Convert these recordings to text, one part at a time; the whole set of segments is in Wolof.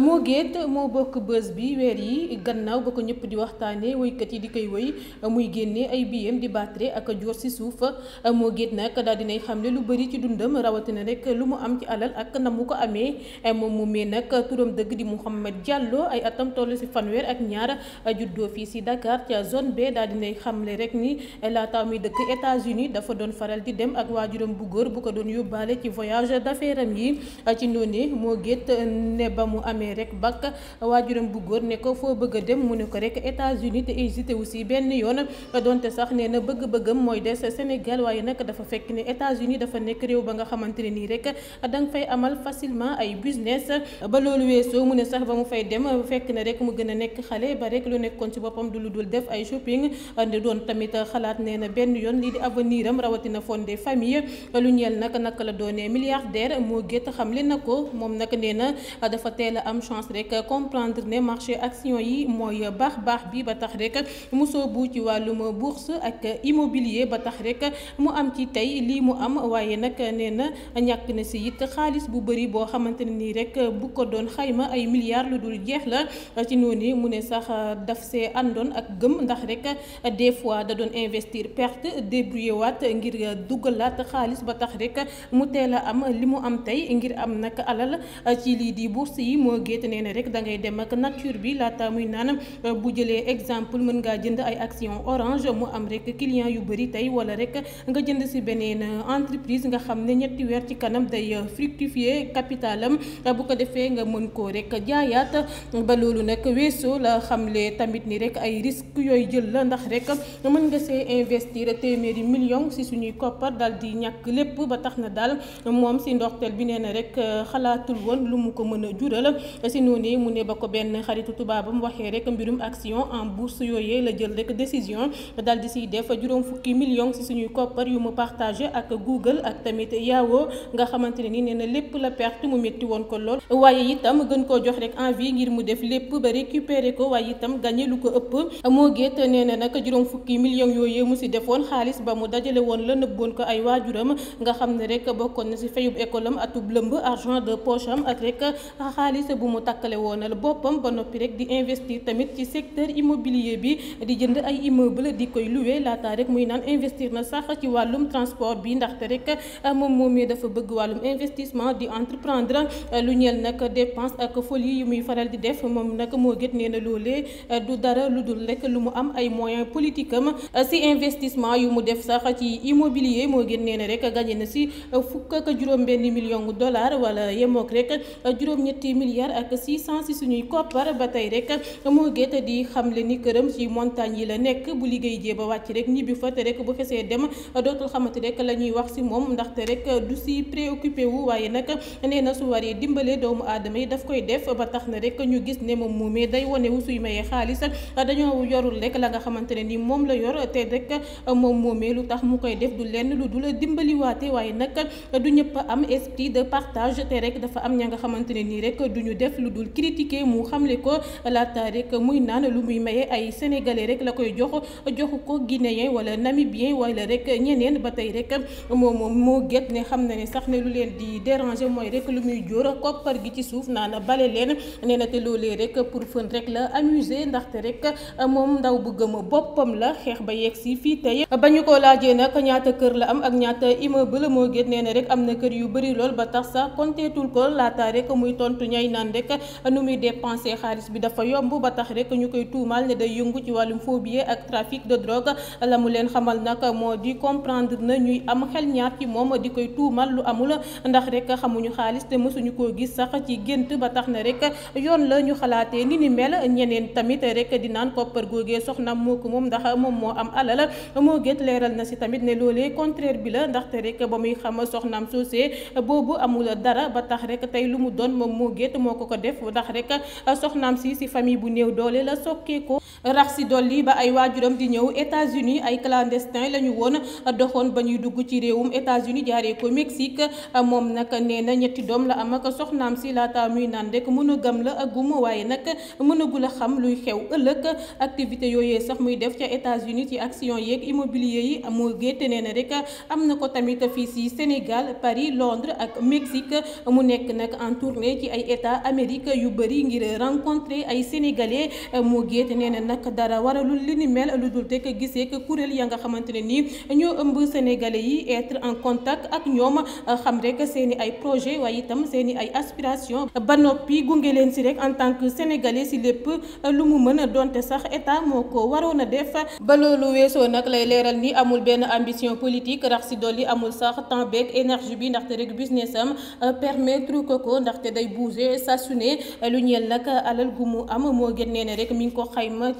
moo géet moo bokk bës bi weer yi gannaaw ba ko ñëpp di waxtaanee woykat yi di koy woy muy génne ay biyem di battre ak joor si suuf moo géet nag daal dinay xamle lu bëri ci dundam rawatina rek lu mu am ci alal ak na mu ko amee moom mu mee nag turam dëgg di Mouhamed Diallo ay atam toll si fanweer ak ñaar juddoo fii si Dakar ca zone B daal dinay xamle rek ni laataa muy dëkk états uni dafa doon faral di dem ak waajuram bu góor bu ko doon yóbbaale ci voyage d'affaires amee rek bakk waajuram bu góor ne ko foo bëgg a dem mu ne ko rek États-Unis te hésité aussi benn yoon donte sax nee na bëgg-bëggam mooy des Sénégal waaye nag dafa fekk ne États-Unis dafa nekk réew ba nga xamante ne nii rek da nga fay amal facilement ay business ba loolu weesoo mu ne sax ba mu fay dem fekk na rek mu gën a nekk xale ba rek lu nekkoon ci boppam du lu dul def ay shopping di doon tamit xalaat nee na benn yoon lii di avenir am rawatina fondé famille lu ñeel nag naka la doonee nee na dafa a am am chance rek comprendre ne marché action yi mooy baax baax bi ba tax rek mu soo soobu ci wàllum bourse ak immobilier ba tax rek mu am ci tey lii mu am waaye nag nee na ñàkk na si it xaalis bu bëri boo xamante ne nii rek bu ko doon xayma ay milliards lu dul jeex la ci noonu mu ne sax daf see àndoon ak gëm ndax rek des fois da doon investir perte débrouillé waat ngir duggalaat xaalis ba tax rek mu teel a am li mu am tey ngir am nag alal ci lii di bourse yi géet nee na rek da ngay dem ak nature bi laata muy naan euh, bu jëlee exemple mën ngaa jënd ay action orange mu am rek client yu bëri tey wala rek nga jënd si beneen euh, entreprise nga xam ne ñetti weer ci kanam day euh, fructifier capitalam bu ko defee nga mën koo rek jaayaat ba loolu nag weesoo la xamle tamit nii rek ay risque yooyu jël la ndax rek mën nga see investir téeméeri million si suñuy koppar daal di ñàkk lépp ba tax na daal moom si ndoxteel bi nee na rek xalaatul woon lu mu ko mën a jural si noonu mu ne ba ko benn xaritu tubaabam waxee rek mbirum action en bourse yooyee la jël rek décision daal di siy def juróom fukki million si suñuy koppar yu mu partagé ak Google ak tamit Yahoo nga xamante ne ni nee na lépp la perte mu métti woon ko lool waaye itam gën koo jox rek envie ngir mu def lépp ba récupérer ko waaye itam gagné lu ko ëpp moo gétt nee na nag juróom fukki millions yooyee mu si defoon xaalis ba mu dajale woon la nëbboon ko ay waajuram nga xam ne rek bokkoon na si fayub école am atub lëmb argent de poche am bu mu takkale woon la boppam ba noppi rek di investir tamit ci secteur immobilier bi di jënd ay immeuble di koy louer laata rek muy naan investir na sax ci wàllum transport bi ndaxte rek euh, moom moomee dafa bëgg wàllum investissement di entreprendre euh, lu ñeel nag dépense ak folie yi muy faral di def moom nag moo gét nee na loolee euh, du dara lu dul rek lu mu am ay moyens politique am si investissement yu mu def sax ci immobilier moo gën nee na rek gagné na si fukk ak juróom benn téeméer ak 600 si suñuy koppar ba tey rek moo gétt di xamle ni këram ci montagne yi la nekk bu liggéey jee ba wàcc rek ñibbi fa te rek bu xesee dem dootul xamante rek la wax si moom ndaxte rek ba tax na rek ñu gis ne moom muumee day wane wu suy mayee xaalis la nga ne ni moom la yor te rek moom muumee lu tax mu koy def du lenn lu dul dimbaliwaate waaye nag du ñëpp am esprit de partage te rek dafa am ña nga xamante nii rek duñu def lu dul critiquer mu xamle ko laata rek muy naan lu muy maye ay sénégalais rek la koy jox joxu ko guinéen wala namibien wala rek ñeneen ba tey rek moom moom moo gét ne xam na ne sax ne lu leen di déranger mooy rek lu muy jóor koppar gi ci suuf naan bale leen nee na te loolee rek pour fën rek la amuser ndaxte rek moom ndaw bu gëmma boppam la xeex ba yegg si fii tey ba ñu ko laajee nag ñaata kër la am ak ñaata immeuble moo gét nee rek am na kër yu bëri lool ba tax sax konteetul ko laata rek muy tontu ñay naan naan rek nu muy dépensé xaalis bi dafa yomb ba tax rek ñu koy tuumaal ne day yëngu ci wàllum faux billets ak trafic de drogue la mu leen xamal nag moo di comprendre na ñuy am xel ñaar ci moom di koy tuumal lu amul ndax rek xamuñu xaalis te mësuñu koo gis sax ci gént ba tax na rek yoon la ñu xalaatee ni ni mel ñeneen tamit rek di naan koppar googee soxna moo ko moom ndax moom moo am alal moo gét leeral na si tamit ne loolee contraire bi la ndaxte rek ba muy xam soxnaam soosee boobu amul dara ba tax rek tey moo ko ko def ndax rek soxnaam si si famille bu néew doole la sokkee rax si dolli ba ay waajuram di ñëw États-Unis ay clandestin la ñu woon doxoon ba ñuy dugg ci réewum États-Unis jaaree ko Mexique moom nag nee na ñetti doom la am ak soxnaam si laata muy naan rek mën a gëm la ak gum waaye nag mënagul a xam luy xew ëllëg activité yooyee sax muy def ca États-Unis ci action yeeg immobilier yi moo géete nee na rek am na ko tamit fii si Sénégal Paris Londres ak Mexique mu nekk nag en tournée ci ay état Amérique yu bëri ngir rencontrer ay sénégalais moo géete nee na nag dara waralul li ni mel lu dul rek gisee kuréel ya nga xamante ne nii ñoo ëmb sénégalais yi être en contact ak ñoom xam rek seeni ay projet waaye itam seen i ay aspiration ba noppi gunge leen si rek en tant que sénégalais si lépp lu mu mën a donte sax état moo ko waroon a def ba loolu weesoo nag lay leeral ni amul benn ambition politique rax si dolli amul sax temps beeg énergie bi ndaxte rek business am euh, permettre ko ko ndaxte day bouger saa l nag alal mu am moo génnee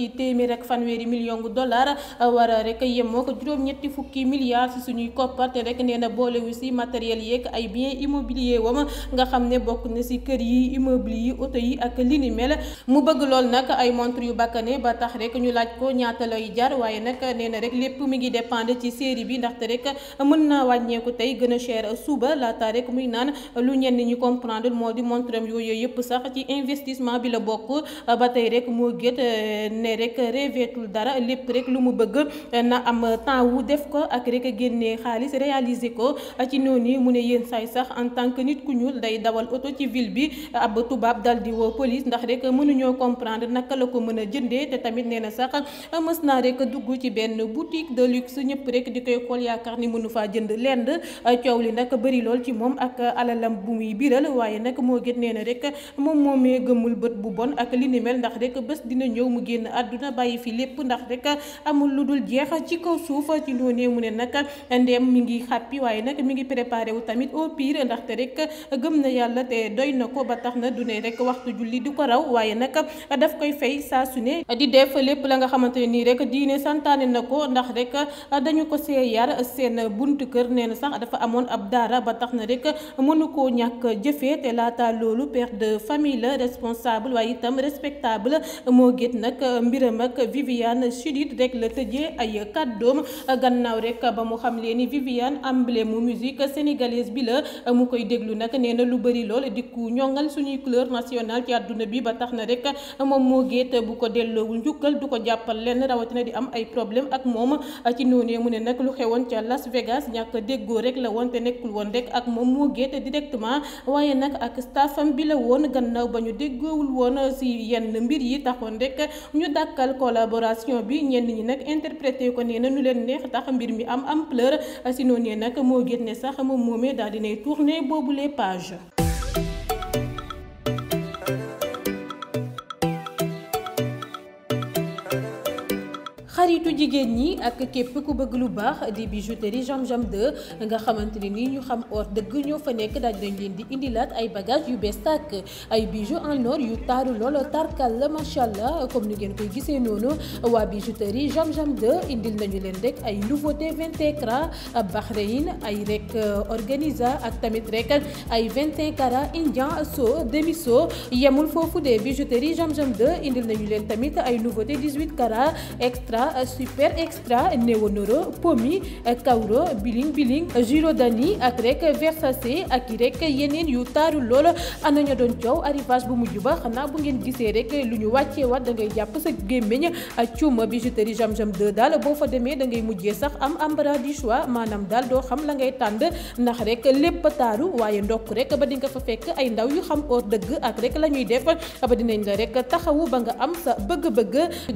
ci téeméer ak fanweeri million gu dollar war a rek yemoo ko juróom-ñetti fukki milliards si suñuy koppar te rek nee na boolewu si matériel yeeg ay bien immobilier wam nga xam ne bokk na si kër yi immeuble yi oto yi ak li ni mel mu bëgg lool nag ay montre yu bakkane ba tax rek ñu laaj ko ñaata lay jar waaye nag nee na rek lépp mu ngi dépendre ci série bi ndax te rek mën naa wàññeeku tey gën a cher suba laata rek muy naan lu ñenn ñi comprendre moo di montre am yooyu yëpp sax ci bi la bokk ne rek rêveetul dara lépp rek lu mu bëgg na am temps wu def ko ak rek génne xaalis réaliser ko ci noonu mu ne yéen saay sax en tant que nit ku ñuul day dawal oto ci ville bi ab tubaab dal di woo police ndax rek mënuñoo comprendre naka la ko mën a jëndee te tamit nee na sax mës naa rek dugg ci benn boutique de luxe ñëpp rek di koy xool yaakaar ni mënu faa jënd lend coow li nag bëri lool ci moom ak alalam bu muy biral waaye nag moo gën nee na rek moom moomee gëmul bët bu bon ak li ni ndax rek bés dina ñëw mu génn àdduna bàyyi fi lépp ndax rek amul lu dul jeex ci kaw suuf ci ndoonee mu ne nag ndeem mi ngi xàppi waaye nag mi ngi préparé wu tamit au pire ndaxte rek gëm na yàlla te doy na ko ba tax na du ne rek waxtu julli di ko raw waaye nag daf koy fay saa su ne di def lépp la nga xamante ne nii rek diine santaane na ko ndax rek dañu ko see yar seen buntu kër nee na sax dafa amoon ab daara ba tax na rek mënu koo ñàkk jëfee te laata loolu père de famille la responsable waaye itam respectable moo mbiram ak Viviane Chidid rek la tëjee ay kàddoom gannaaw rek ba mu xam leen ni Viviane emblème mu musique sénégalaise bi la mu koy déglu nag nee na lu bëri lool dikku ñongal suñuy couleur nationale ci àdduna bi ba tax na rek moom moo géet bu ko delloowul njukkal du ko jàppal lenn rawatina di am ay problème ak moom ci noonee mu ne nag lu xewoon ca Las Vegas ñàkk déggoo rek la woon te nekkul woon rek ak moom moo géet directement waaye nag ak staffam bi la ba ñu déggoowul woon si yenn mbir yi dàkkal collaboration bi ñenn ñi nag interprété ko nee na nu leen neex tax mbir mi am am ampleur si noonu nag moo génne sax a moom moomee daal dinay tourné boobu les pages xaritu jigéen ñi ak képp ku bëgg lu baax di bijouterie Jam Jam 2 nga xamante ni nii ñu xam or dëgg ñoo fa nekk daaj nañ leen di indilaat ay bagages yu bees tàkk ay bijoux en or yu taaru lool tarkal la macha allah comme ni ngeen koy gisee noonu waa bijouterie Jam Jam 2 indil nañu leen rek ay nouveauté vingt et un Bahreïn ay rek euh, organisa ak tamit ay vingt et un carats indien so demi so yemul foofu de bijouterie Jam Jam 2 indil nañu leen tamit ay nouveauté dix huit carats extra. Euh, super extra Neonoro Pomi euh, Kauro Biling Biling Girodani euh, ak rek Versace ak i rek yeneen yu taaru lool ana ñu doon coow arrivage bu mujj ba xanaa bu ngeen gisee rek lu ñu wàccee waat da ngay jàpp sa gémmiñ cuuma bijouterie Jam Jam 2 daal boo fa demee da ngay mujjee sax am embarras du choix maanaam daal doo xam la ngay tànd ndax rek lépp taaru waaye ndokk rek ba di nga fa fekk ay ndaw yu xam or dëgg ak rek la ñuy def ba dinañ la rek taxawu ba nga am sa bëgg-bëgg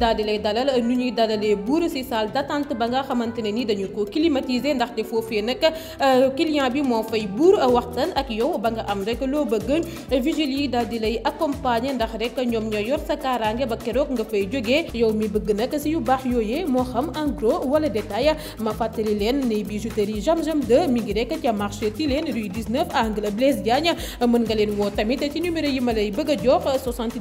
dee buur si salle d'attente ba nga xamante ne ni dañu ko climatiser ndaxte foofee nag euh, client bi moo fay buur euh, waxtaan ak yow ba nga am rek loo bëgg vigile yi daal di lay accompagner ndax rek ñoom ñooy yor sa kaaraange ba keroog nga fay jógee yow mi bëgg nag si yu baax yooyee moo xam en gros wala détail ma fàttali leen ne bijouterie Jam Jam 2 mi ngi rek ca marché Tilène rue 19 angle Blaise Diagne mën nga leen woo tamit ci numéro yi ma lay bëgg a jox 77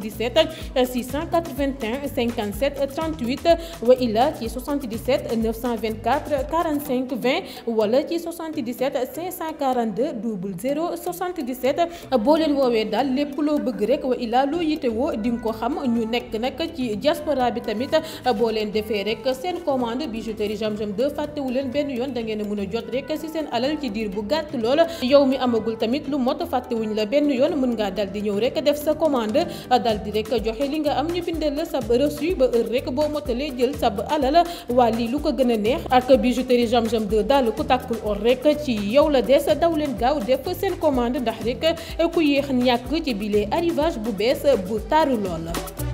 681 la ci 77 924 45 20 wala ci 77 542 00 77 boo leen woowee daal lépp loo bëgg rek wa illaa loo yitewoo di nga ko xam ñu nekk nag ci diaspora bi tamit boo leen defee rek seen commande bijouterie Jam Jam 2 fàttewu leen benn yoon da ngeen a mën a jot rek si seen alal ci diir bu gàtt lool yow mi amagul tamit lu mot fàttewuñ la benn yoon mën ngaa dal di ñëw rek def sa commande dal di rek joxe li nga am ñu bindal la sab ba heure rek boo motalee jël sab alal waa lii lu ko gën a neex ak bijouterie Jam Jam 2 daal ku tàkkul or rek ci yow la des daw leen gaaw def seen commande ndax rek ku yéex ñàkk ci bile arrivage bu bees bu taaru lool.